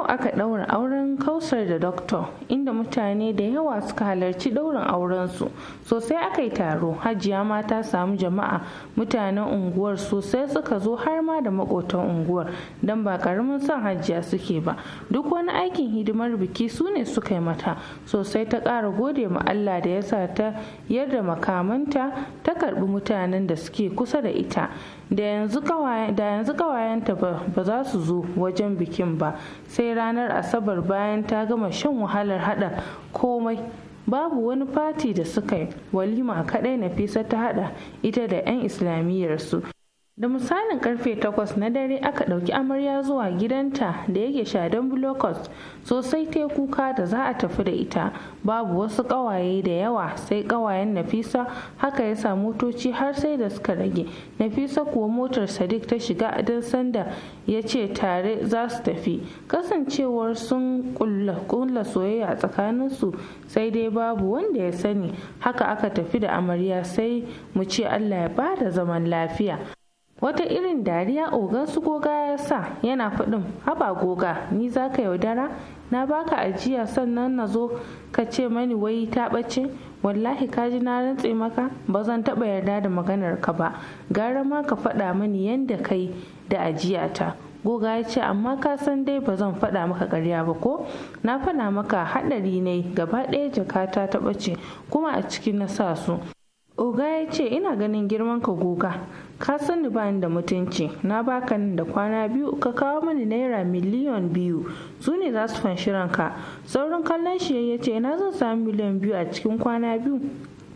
yau aka ɗaura auren kausar da doktor inda mutane da yawa suka halarci ɗaurin su sosai aka yi taro hajiya ma ta samu jama'a mutanen unguwar sosai suka zo har ma da makotan unguwar don ba karamin son hajiya suke ba duk wani aikin hidimar biki su ne suka yi mata sosai ta ƙara gode ma Allah da ya sa ta yarda makamanta ta karɓi mutanen da suke kusa da ita da yanzu kawayenta ba za su zo wajen bikin ba sai ranar asabar bayan ta gama shan wahalar hada komai babu wani fati da suka yi walima na fisa ta hada ita da 'yan islamiyyarsu. da misalin karfe 8 na dare aka ɗauki amarya zuwa gidanta da yake shadon blocos sosai ta kuka da za a tafi da ita babu wasu ƙawaye da yawa sai ƙawayen nafisa haka ya sa motoci har sai da suka rage nafisa kuwa motar sadiq ta shiga dan sanda ya ce tare za su tafi kasancewar sun kulla soyayya a tsakaninsu sai dai babu wanda ya sani haka aka tafi da amarya sai mu ce allah ya ba zaman lafiya wata irin dariya ogan su goga ya sa yana faɗin haba goga ni za ka yaudara na baka ajiya sannan na zo ka ce mani wai ta ɓace wallahi ka ji na rantse maka ba zan taɓa yarda da maganar ka ba gara ma ka faɗa mani yadda kai da ajiyata goga ya ce amma ka san dai ba zan faɗa maka karya ba ko na faɗa maka haɗari ne gaba ɗaya jakata ta ɓace kuma a cikin na sa su oga ya ce ina ganin girman ka goga ka sani bani da mutunci na baka nan da kwana biyu ka kawo mani naira miliyan biyu su ne za su fanshi ranka saurin kallon shi ya ce ina zan samu miliyan biyu a cikin kwana biyu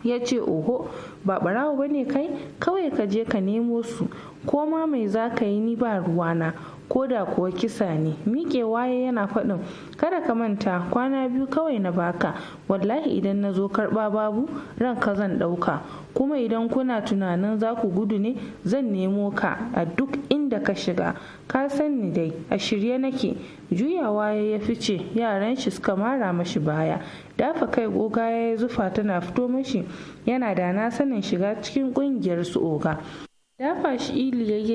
ya ce oho ba barawo ne, kai kawai ka je ka nemo su ko ma mai za ka yi ni ba ruwana ko da kuwa kisa ne miƙe waye yana faɗin kada ka manta kwana biyu kawai na baka wallahi idan na zo karɓa babu ran ka zan ɗauka kuma idan kuna tunanin za ku gudu ne zan nemo ka a duk inda ka shiga ka san ni dai a shirye nake juya waye ya fice yaran shi suka mara mashi baya dafa kai goga ya zufa tana fito mashi yana da na sanin shiga cikin ƙungiyar su oga dafa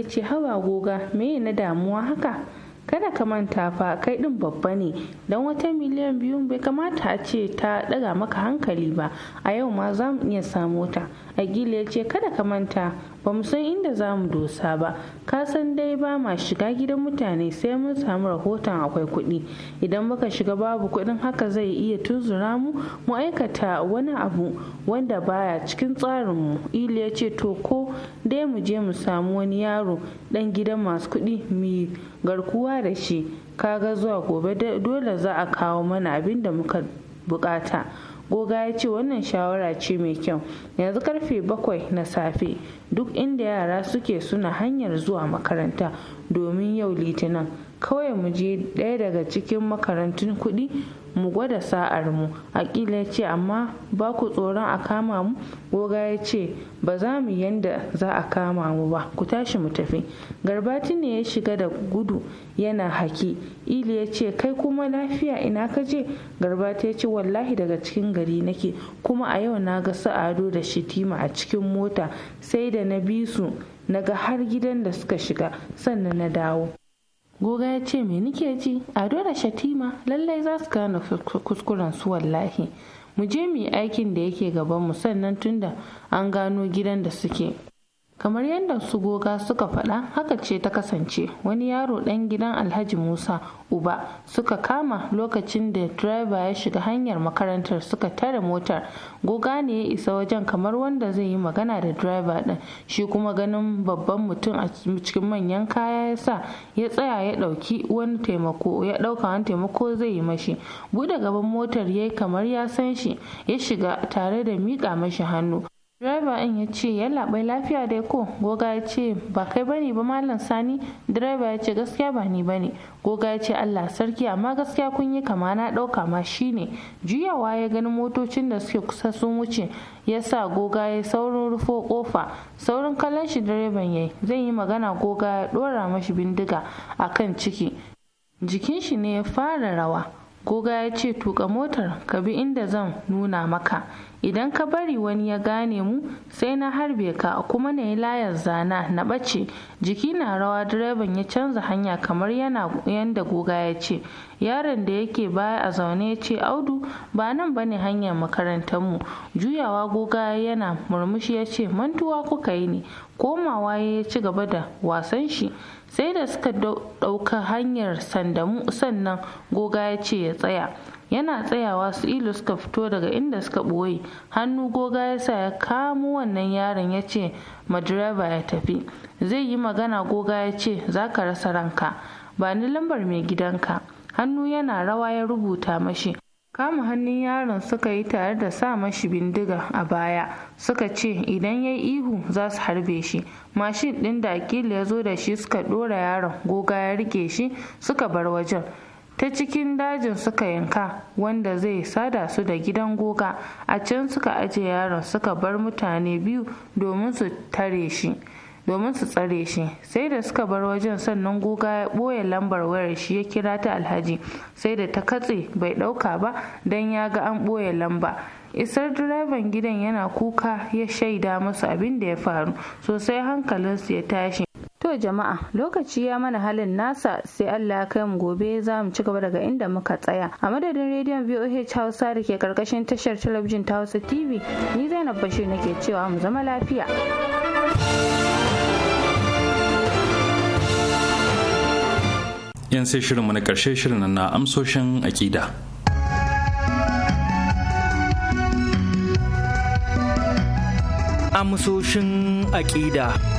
shi hawa ya goga, meye na damuwa haka? kada ka manta fa kai din babba ne don wata miliyan biyu bai kamata a ce ta daga maka hankali ba a yau ma za mu iya samo ta agila ya ce kada ka manta ba mu san inda za mu dosa ba ka san dai ba ma shiga gidan mutane sai mun samu rahoton akwai kuɗi idan muka shiga babu kuɗin haka zai iya tunzura mu mu aikata wani abu wanda baya cikin tsarinmu ya ce to ko dai mu je mu samu wani yaro ɗan gidan masu kuɗi mu garkuwa da shi kaga zuwa gobe dole za a kawo mana abin da muka bukata goga ya ce wannan shawara ce mai kyau yanzu karfe bakwai na safe duk inda yara suke suna hanyar zuwa makaranta domin yau litinin kawai mu je ɗaya daga cikin makarantun kuɗi mu gwada sa'ar mu aƙila ya ce amma ba ku tsoron a kama mu goga ya ce ba za mu yanda za a kama mu ba ku tashi mu tafi garbati ne ya shiga da gudu yana haki ili ya ce kai kuma lafiya ina ka je garbati ya ce wallahi daga cikin gari nake kuma a yau na ga sa'ado da shitima a cikin mota sai da na bi su na ga har gidan da suka shiga sannan na dawo goga ya ce me nike ji ado da shatima lallai za su gane kuskuren su wallahi mu je mu yi aikin da yake gaban mu sannan tunda an gano gidan da suke kamar yadda su goga suka faɗa haka ce ta kasance wani yaro ɗan gidan alhaji musa uba suka kama lokacin da driver ya shiga hanyar makarantar suka tare motar goga ne ya isa wajen kamar wanda zai yi magana da driver ɗin shi kuma ganin babban mutum a cikin manyan kaya ya sa ya tsaya ya ɗauki wani taimako ya ɗauka wani taimako zai yi mashi buɗe gaban motar ya yi kamar ya san shi ya shiga tare da miƙa mashi hannu Direba ɗin ya ce, ya labai lafiya dai ko? Goga ya ce, Ba kai bane ba Malam Sani? Direba ya ce, Gaskiya ba ni bane. Goga ya ce, Allah sarki amma gaskiya kun yi kama na ɗauka ma shi ne. Juyawa ya gani motocin da suke kusa sun wuce, ya sa goga ya saurin rufo kofa Saurin kallon shi direban ya yi, zan yi magana goga ya ɗora mashi bindiga a kan ciki. Jikin shi ne ya fara rawa. Goga ya ce, Tuka motar, ka bi inda zan nuna maka. idan ka bari wani ya gane mu sai na harbe ka kuma na yi layar zana na ɓace jiki na rawa direban ya canza hanya kamar yana yanda goga ya ce yaron da yake baya a zaune ya ce audu ba nan bane hanyar makarantar mu juyawa goga yana murmushi ya ce mantuwa kuka yi ne komawa ya ci gaba da wasan shi sai da suka ɗauka hanyar sandamu sannan goga ya ce ya tsaya yana tsayawa su ilu suka fito daga inda suka ɓoye hannu goga ya sa ya kamo wannan yaron ya ce ma direba ya tafi zai yi magana goga ya ce za ka rasa ranka ba ni lambar mai gidanka hannu yana rawa ya rubuta mashi kama hannun yaron suka yi tare da sa mashi bindiga a baya suka ce idan ya yi ihu za su harbe shi mashin ɗin da akila ya zo da shi suka ɗora yaron goga ya rike shi suka bar wajen ta cikin dajin suka yanka wanda zai sada su da gidan goga a can suka aje yaron suka bar mutane biyu domin su tare shi domin su tsare shi sai da suka bar wajen sannan goga ya ɓoye lambar wayar shi ya kira ta alhaji sai da ta katse bai ɗauka ba don ya ga an ɓoye lamba isar direban gidan yana kuka ya shaida masu abin da ya faru sosai hankalinsu ya tashi To jama'a lokaci ya mana halin nasa sai Allah ya kai mu gobe za mu ci gaba daga inda muka tsaya. A madadin rediyon VOH Hausa da ke karkashin tashar talabijin ta Hausa TV ni Zainab Bashir nake cewa mu zama lafiya. Yan sai mu na karshe shirin na amsoshin akida. Amsoshin akida.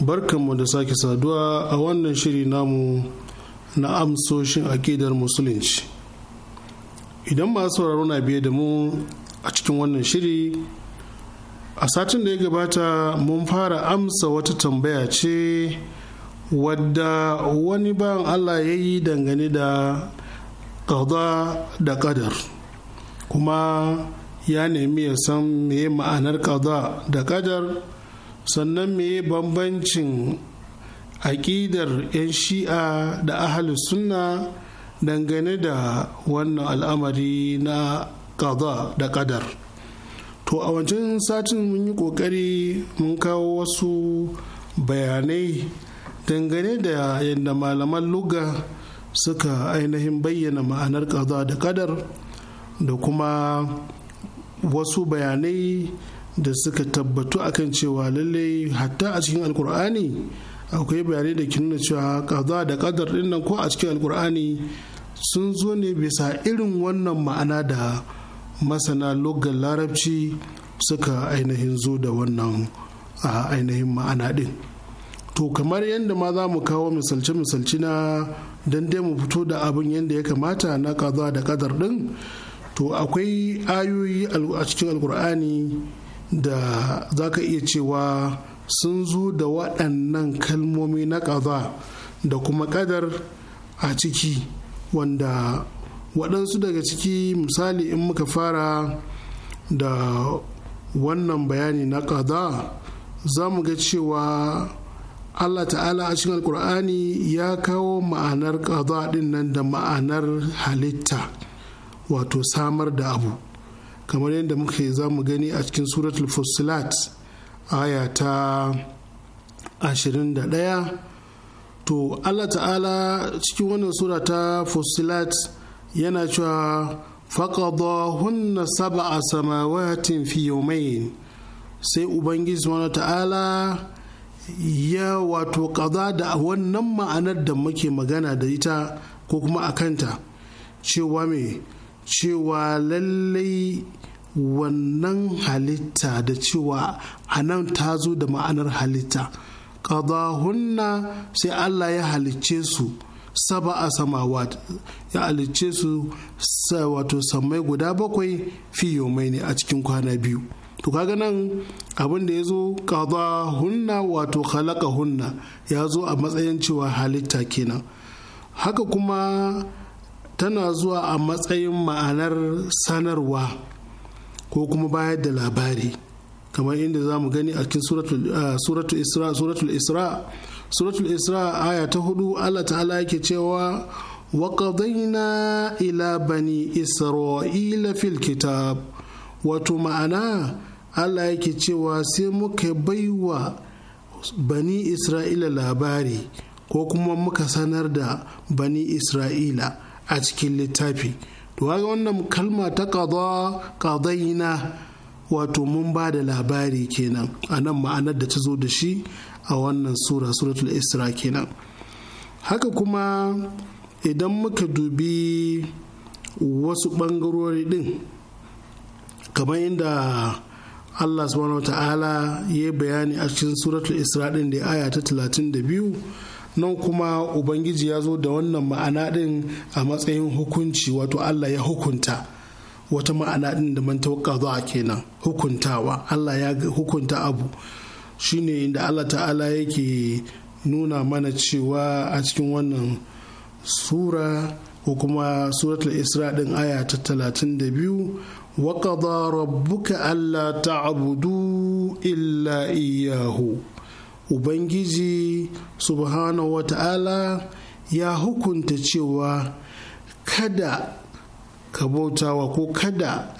barkanmu da sake saduwa a wannan shiri namu na amsoshin akidar musulunci idan masu sauraro na biye da mu a cikin wannan shiri a satin da ya gabata mun fara amsa wata tambaya ce wadda wani bayan allah ya yi dangane da ƙaza da ƙadar kuma ya nemi ya san meye ma'anar ƙaza da ƙadar sannan meye bambancin aƙidar 'yan shi'a da ahalus sunna dangane da wannan al'amari na kaza da kadar to a wancan satin mun yi ƙoƙari mun kawo wasu bayanai dangane da yadda malaman luga suka ainihin bayyana ma'anar kaza da kadar da kuma wasu bayanai da suka tabbatu akan cewa lallai hatta a cikin alkur'ani akwai bayanai da ke nuna cewa kaza da kadar din ko a cikin alkur'ani sun zo ne bisa irin wannan ma'ana da masana logan larabci suka ainihin zo da wannan a ainihin ma'ana din to kamar yadda ma za mu kawo misalce-misalce na don dai mu fito da abin yadda ya kamata na kaza da kadar din to akwai ayoyi a cikin alkur'ani da za ka iya cewa sun zo da waɗannan kalmomi na ƙaza da kuma ƙadar a ciki wanda waɗansu daga ciki misali in muka fara da wannan bayani na ƙaza za mu ga cewa Allah ta'ala a cikin alkur'ani ya kawo ma'anar ƙaza ɗin nan da ma'anar halitta wato samar da abu kamar yadda muke za mu gani a cikin suratul fusilat aya ta 21 to allah ta'ala cikin wannan sura ta fusilat yana cewa hunna sab'a a samawatin fi sai ubangiji subhanahu ta'ala ya wato kaza da wannan ma'anar da muke magana da ita ko kuma a kanta cewa mai. cewa lallai wannan halitta da cewa a nan ta zo da ma'anar halitta ƙadahunna sai Allah ya halicce su saba a sama, ya halicce su wato samai guda bakwai fi yomai ne a cikin kwana biyu to kaga nan abin da ya zo ƙadahunna wato hunna ya zo a matsayin cewa halitta kenan haka kuma tana zuwa a matsayin ma'anar sanarwa ko kuma bayar da labari kamar inda za mu gani a cikin suratul isra suratul isra aya ta hudu allah ta'ala yake cewa waƙadaina ila bani isra'ila fil kitab wato ma'ana allah yake cewa sai muka baiwa bani isra'ila labari ko kuma muka sanar da bani isra'ila a cikin littafi to kaga wannan kalma ta na wato mun ba da labari kenan a nan ma'anar da ta zo da shi a wannan sura suratul isra kenan haka kuma idan muka dubi wasu ɓangarori ɗin kamar inda allah subhanahu ta'ala ya bayani a cikin suratul isra ɗin da aya ta 32 nan kuma ubangiji ya zo da wannan ma'ana ɗin a matsayin hukunci wato allah ya hukunta wata ma'ana ɗin da man a kenan hukuntawa allah ya hukunta abu shine inda allah ta'ala yake nuna mana cewa a cikin wannan sura ko kuma suratul isra din aya ta 32 wa qada rabbuka alla ta'budu illa iyyahu ubangiji subhanahu ta'ala ya hukunta cewa kada ka wa ko kada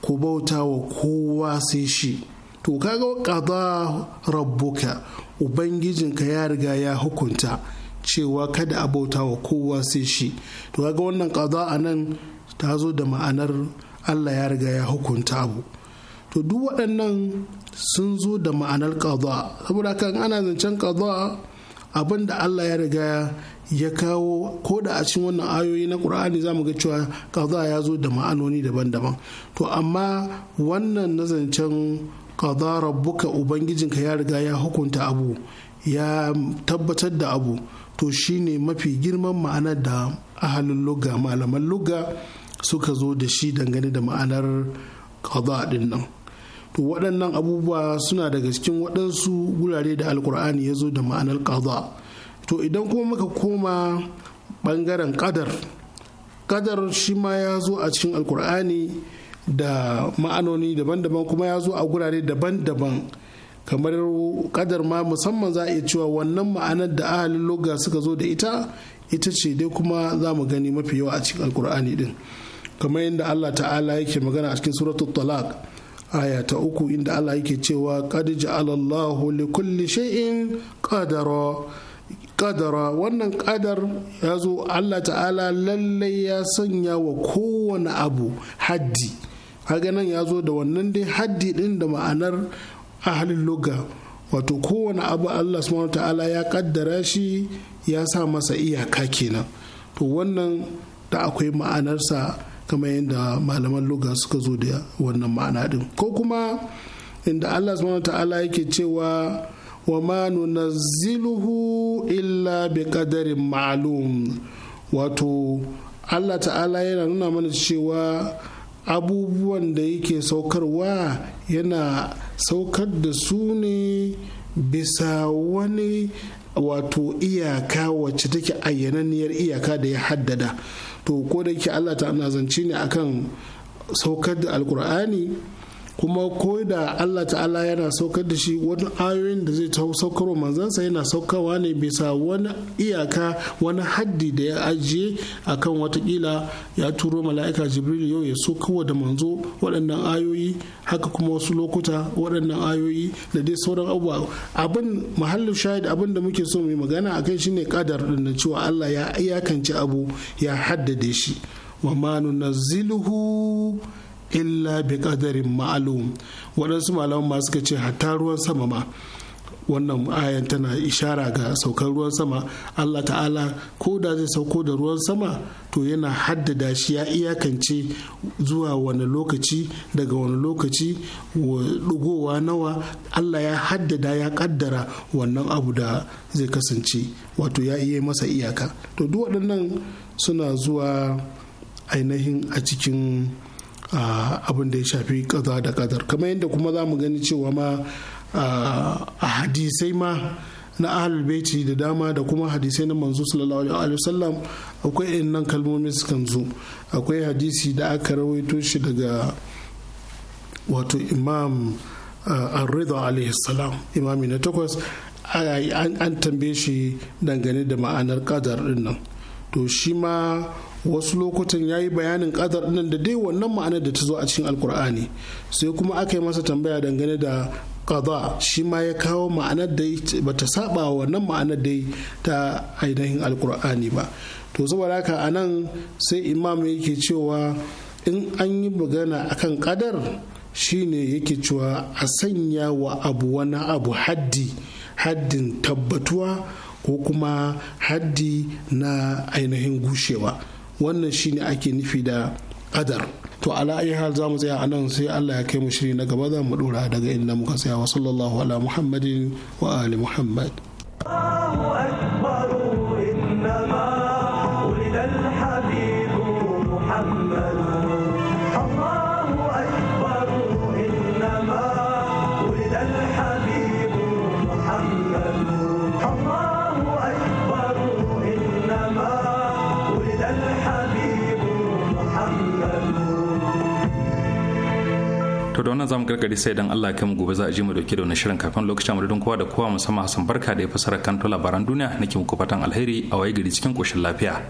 ku bautawa kowa sai shi to kaga qada rabbuka ubangijinka ya riga ya hukunta cewa kada a bauta wa kowa sai shi to kaga wannan a nan ta zo da ma'anar Allah ya riga ya hukunta abu to duk waɗannan sun zo da ma'anar qada saboda kan ana zancen qada abin da Allah ya riga ya kawo ko da a cikin wannan ayoyi na ƙur'ani za mu ga cewa qada ya zo da ma'anoni daban-daban to amma wannan na zancen qada rabbuka ubangijinka ya riga ya hukunta abu ya tabbatar da abu to shine mafi girman ma'anar da ahalin lugga malaman lugga suka zo da shi dangane da ma'anar qada din nan to waɗannan abubuwa suna daga cikin waɗansu gurare da alkur'ani ya zo da ma'anar ƙaza to idan kuma muka koma ɓangaren ƙadar ƙadar shi ma ya zo a cikin alkur'ani da ma'anoni daban-daban kuma ya zo a gurare daban-daban kamar ƙadar ma musamman za a iya cewa wannan ma'anar da ahalin loga suka zo da ita ita ce dai kuma za mu gani mafi yawa a cikin alkur'ani din kamar yadda allah ta'ala yake magana a cikin suratul talaq aya ta uku inda Allah yake cewa kadija alallahu li kulli shay'in qadara kadara wannan kadar ya zo Allah ta'ala lallai ya sanya wa kowane abu haddi nan ya zo da wannan dai haddi din da ma'anar ahalin luga wato kowane abu Allah subhanahu ta'ala ya kaddara shi ya sa masa iyaka kenan to wannan da akwai ma'anarsa kamar yadda malaman luga suka zo da wannan ma'ana din ko kuma inda Allah subhanahu ta'ala yake cewa wa ma nunazziluhu illa bi qadarin ma'lum wato Allah ta'ala yana nuna mana cewa abubuwan da yake saukarwa yana saukar da su ne bisa wani wato iyaka wacce take ayyananniyar iyaka da ya haddada to ko da yake Allah ta'ala zance ne akan saukar da alkur'ani kuma ko da Allah ta'ala yana saukar da shi wani ayoyin da zai saukar saukarwa manzansa yana saukawa ne bisa wani iyaka wani haddi da ya ajiye a kan watakila ya turo mala'ika jibril yau ya saukarwa da manzo waɗannan ayoyi haka kuma wasu lokuta waɗannan ayoyi da dai sauran abubuwa abin mahallin shahid abin da muke so mai magana akai shine kadar din cewa Allah ya iyakance abu ya haddade shi wa manu nunazziluhu illa bi kadarin ma'alum waɗansu malaman ma suka ce hatta ruwan sama ma wannan ayan tana ishara ga saukar ruwan sama Allah ta'ala ko da zai sauko da ruwan sama to yana haddada shi ya iyakance zuwa wani lokaci daga wani lokaci dugowa nawa Allah ya haddada ya kaddara wannan abu da zai kasance wato ya iya masa iyaka to duk waɗannan suna zuwa ainihin a cikin abin da ya shafi kaza da kadar kamar yadda kuma za mu gani cewa ma a hadisai ma na ahlul baiti da dama da kuma hadisai na manzo sallallahu alaihi wasallam akwai innan kalmomi sukan zo akwai hadisi da aka rawaito shi daga wato imam ar-ridha alaihi salam imami na takwas an tambaye shi dangane da ma'anar kadar din nan to shi ma wasu lokutan ya yi bayanin kadar nan da dai wannan ma'anar da ta zo a cikin alkur'ani sai kuma aka yi masa tambaya dangane da kaza shi ma ya kawo ma'anar da bata saba wannan ma'anar da ta ainihin alkur'ani ba to saboda haka nan, sai imam yake cewa in an yi magana akan kadar shine yake cewa a sanya wa abu wani abu haddi haddin tabbatuwa ko kuma haddi na ainihin gushewa wannan shine ake nufi da qadar to ala ayi hal zamu tsaya a nan sai Allah ya kai mu shiri na gaba za mu dora daga inda muka tsaya wa sallallahu ala muhammadin wa ali muhammad Allahu akbar to da wannan zamu gargadi sai dan Allah kai mu gobe za a je mu dauke da wani shirin kafin lokacin mu kowa da kowa musamman Hassan Barka da ya fasara kanto labaran duniya nake muku fatan alheri a waye gari cikin koshin lafiya